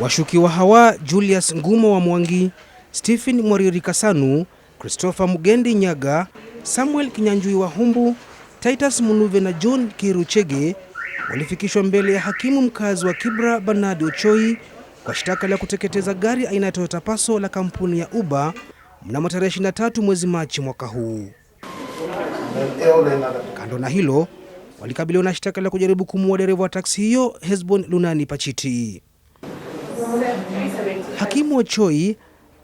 Washukiwa hawa Julius Ngumo wa Mwangi, Stephen Mwariri Kasanu, Christopher Mugendi Nyaga, Samuel Kinyanjui wa Humbu, Titus Munuve na John Kiruchege walifikishwa mbele ya hakimu mkazi wa Kibra Bernard Ochoi kwa shtaka la kuteketeza gari aina ya Toyota Passo la kampuni ya Uber mnamo tarehe 23 mwezi Machi mwaka huu. Kando na hilo, walikabiliwa na shtaka la kujaribu kumuua dereva wa taksi hiyo hezbon Lunani Pachiti. Hakimu Ochoi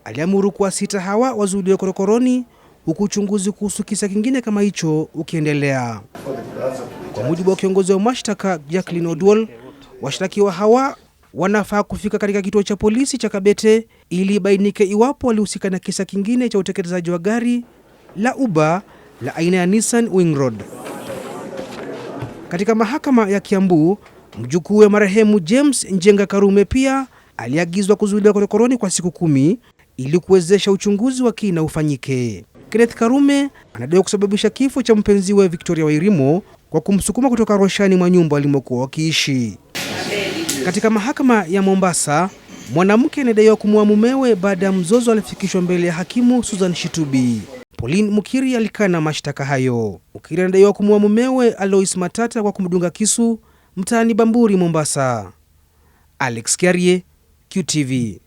aliamuru kuwa sita hawa wazuiliwe korokoroni huku uchunguzi kuhusu kisa kingine kama hicho ukiendelea. Kwa mujibu wa kiongozi wa mashtaka Jacqueline Odwal, washtakiwa hawa wanafaa kufika katika kituo cha polisi cha Kabete ili bainike iwapo walihusika na kisa kingine cha utekelezaji wa gari la uba la aina ya Nissan Wingroad. Katika mahakama ya Kiambu, mjukuu wa marehemu James Njenga Karume pia aliagizwa kuzuiliwa korokoroni kwa siku kumi ili kuwezesha uchunguzi wa kina ufanyike. Kenneth Karume anadaiwa kusababisha kifo cha mpenziwe Victoria Wairimo kwa kumsukuma kutoka roshani mwa nyumba walimokuwa wakiishi. Katika mahakama ya Mombasa, mwanamke anadaiwa kumua mumewe baada ya mzozo alifikishwa mbele ya hakimu Susan Shitubi. Pauline Mukiri alikana mashtaka hayo. Mukiri anadaiwa kumua mumewe Alois Matata kwa kumdunga kisu mtaani Bamburi, Mombasa. Alex Kiarie QTV.